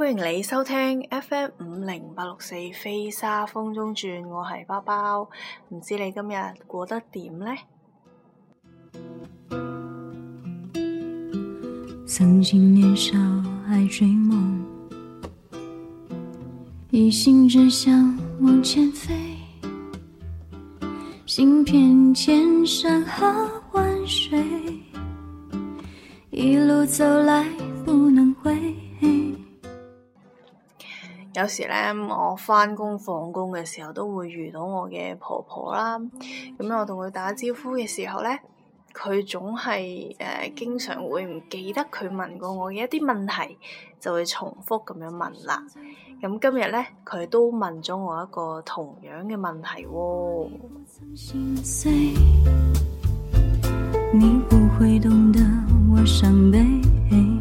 歡迎你收聽 FM 五零八六四《飛沙風中轉》，我係包包，唔知你今日過得點呢？曾經年少愛追夢，一心只想往前飛，行遍千山和萬水，一路走來不能回。有時咧，我翻工放工嘅時候都會遇到我嘅婆婆啦。咁、嗯、我同佢打招呼嘅時候咧，佢總係誒、呃、經常會唔記得佢問過我嘅一啲問題，就會重複咁樣問啦。咁、嗯、今日咧，佢都問咗我一個同樣嘅問題、哦。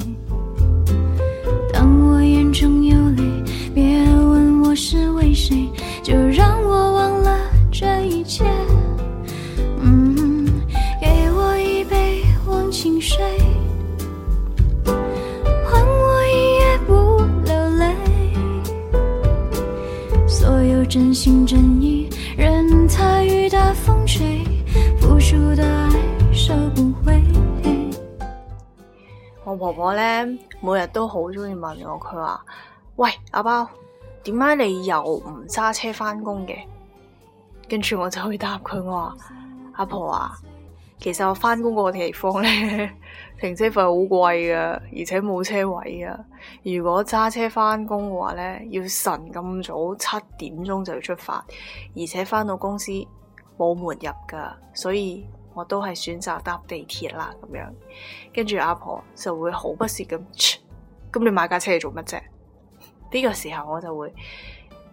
真心真意，任他雨打風吹，付出的愛收不回。我婆婆呢，每日都好鍾意問我，佢話：喂阿包，點解你又唔揸車返工嘅？跟住我就去答佢。我話阿婆啊。其實我翻工個地方咧，停車費好貴噶，而且冇車位噶。如果揸車翻工嘅話咧，要晨咁早七點鐘就要出發，而且翻到公司冇門入噶，所以我都係選擇搭地鐵啦，咁樣。跟住阿婆就會好不屑咁，咁你買架車嚟做乜啫？呢個時候我就會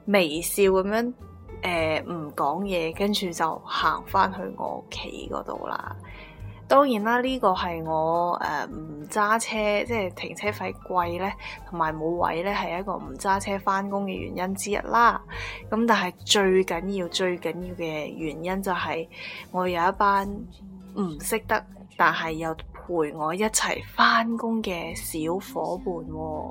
微笑咁樣。誒，唔講嘢，跟住就行翻去我屋企嗰度啦。當然啦，呢、這個係我誒唔揸車，即係停車費貴呢，同埋冇位呢，係一個唔揸車翻工嘅原因之一啦。咁、嗯、但係最緊要、最緊要嘅原因就係、是、我有一班唔識得，但係又陪我一齊翻工嘅小夥伴、哦。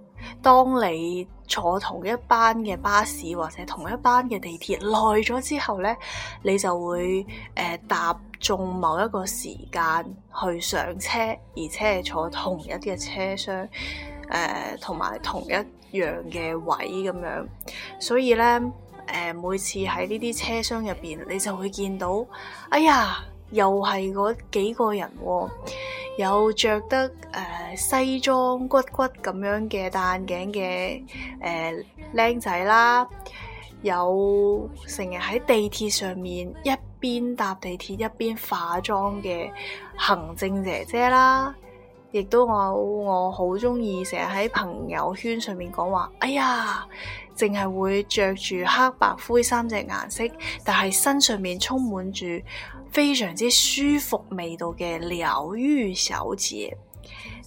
當你坐同一班嘅巴士或者同一班嘅地鐵耐咗之後呢，你就會誒、呃、搭中某一個時間去上車，而且係坐同一嘅車廂誒、呃，同埋同一樣嘅位咁樣。所以呢，誒、呃，每次喺呢啲車廂入邊，你就會見到，哎呀，又係嗰幾個人喎、啊。有着得誒、呃、西裝骨骨咁樣嘅戴眼鏡嘅誒靚仔啦，有成日喺地鐵上面一邊搭地鐵一邊化妝嘅行政姐姐啦。亦都我我好中意，成日喺朋友圈上面講話，哎呀，淨係會着住黑白灰三隻顏色，但係身上面充滿住非常之舒服味道嘅療癒小姐。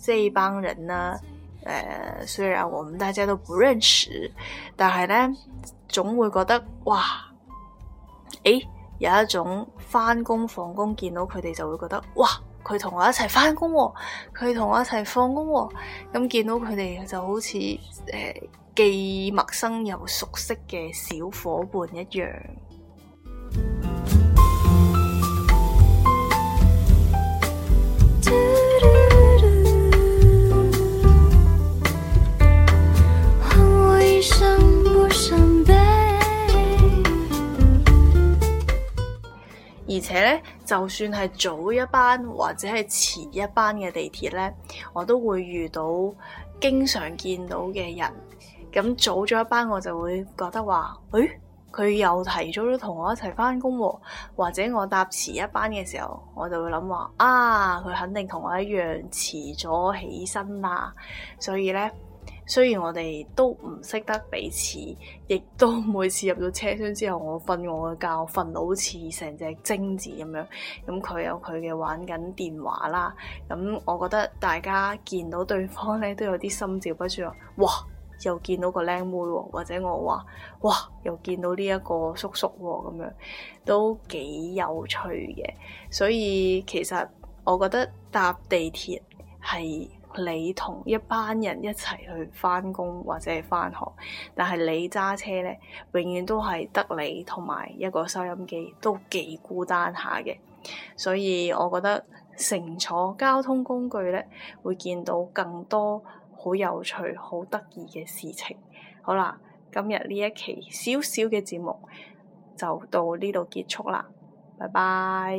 呢班人呢，誒、呃，雖然我們大家都不認識，但係呢，總會覺得哇，誒、欸、有一種翻工放工見到佢哋就會覺得哇。佢同我一齊返工，佢同我一齊放工，咁見到佢哋就好似誒、呃、既陌生又熟悉嘅小夥伴一樣。就算係早一班或者係遲一班嘅地鐵呢，我都會遇到經常見到嘅人。咁早咗一班，我就會覺得話，誒、欸，佢又提早咗同我一齊返工喎。或者我搭遲一班嘅時候，我就會諗話，啊，佢肯定同我一樣遲咗起身啦。所以呢。雖然我哋都唔識得彼此，亦都每次入到車廂之後，我瞓我嘅覺，瞓到好似成隻精子咁樣。咁、嗯、佢有佢嘅玩緊電話啦。咁、嗯、我覺得大家見到對方咧，都有啲心照不住。哇！又見到個靚妹喎，或者我話，哇！又見到呢一個叔叔喎，咁樣都幾有趣嘅。所以其實我覺得搭地鐵係。你同一班人一齊去返工或者係返學，但係你揸車咧，永遠都係得你同埋一個收音機，都幾孤單下嘅。所以我覺得乘坐交通工具咧，會見到更多好有趣、好得意嘅事情。好啦，今日呢一期小小嘅節目就到呢度結束啦，拜拜。